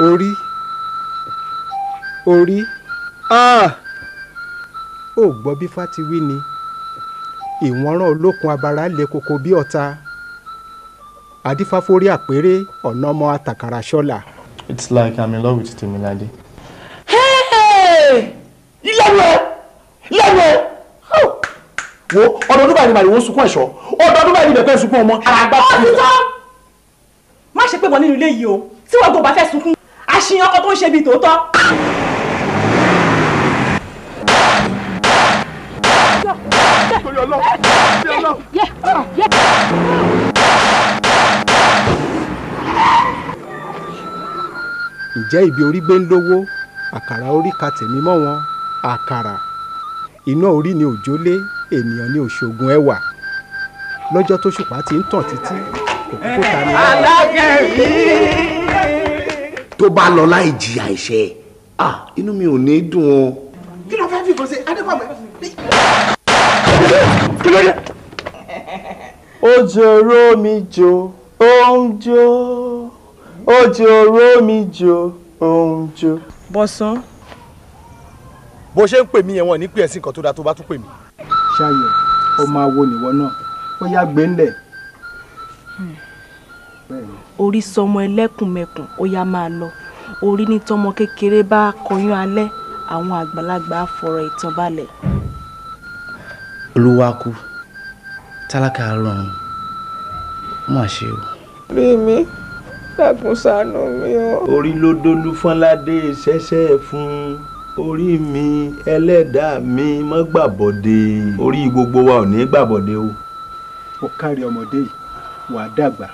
orí orí áà ah! ò gbọ́ bí fati wí ni ìwọ́nrán olókun abara le koko bí ọ̀tá adífáforí àpérè ọ̀nà ọmọ àtàkàrà ṣọ́la. it's like i'm in love with Temilade. ìlànà ẹ ìlànà ẹ wo ọdọọdún báyìí ni màlúwo sunkún ẹ̀ṣọ́ ọdọọdún báyìí ni bẹ̀bẹ̀ sunkún ọmọ. àgbà tó ń sọ má ṣe pé bọ̀ nínú ilé yìí o tí wọ́n gbọ́ bá fẹ́ sunkún ṣì ọkọ tó ń ṣe bí tòótọ́. ǹjẹ́ ibi orí gbé ń lówó àkàrà orí ka tèmi mọ́ wọn àkàrà iná orí ni òjòlé ènìyàn ni òṣogùn ẹwà lọ́jọ́ tó ṣùpá ti ń tàn títí kò kúkú ta ni. alágẹ̀rí tó bá lọ láì jìyà ẹ̀ṣẹ̀ ah inú mi ò ní dùn o. kí ló fẹ́ fi kàn sí adékọ̀ọ́mọ. kí ló dé. ojú oró mi jó ó ń jó ojú oró mi jó ó ń jó. bọ́sán. bó ṣe ń pè mí yẹn wọn ní pé ẹ̀sìn kan tó dáa tó bá tún pè mí. ṣayọ ọmọ awo nìwọ náà ó yá gbé ńlẹ̀ orí sọmọ ẹlẹ́kùnmẹ̀kùn ó yá máa lọ orí ní tọmọ kékeré bá kọyún alẹ́ àwọn àgbàlagbà fọ̀rọ̀ ìtàn balẹ̀. olúwa tálákà rọrùn má ṣe o. rí mi dákun ṣàánú mi o. orí ló dolú fọládé ṣẹ̀ṣẹ̀ fún orí mi ẹlẹ́dàá mi mọ́ gbàbọ̀dé orí gbogbo wa ò ní gbàbọ̀dé o. ó kárí ọmọdé yìí wàá dàgbà